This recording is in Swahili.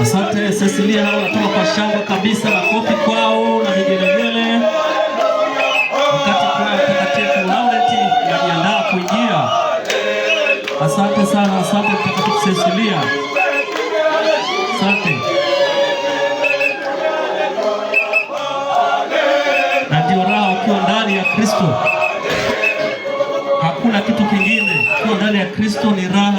Asante Cecilia, wanatoka kwa shangwe kabisa, makofi kwao na vigelegele. Asante sana, asante Mtakatifu Cecilia, asante. Na ndio raha ukiwa ndani ya Kristo, hakuna kitu kingine. Ukiwa ndani ya Kristo ni raha.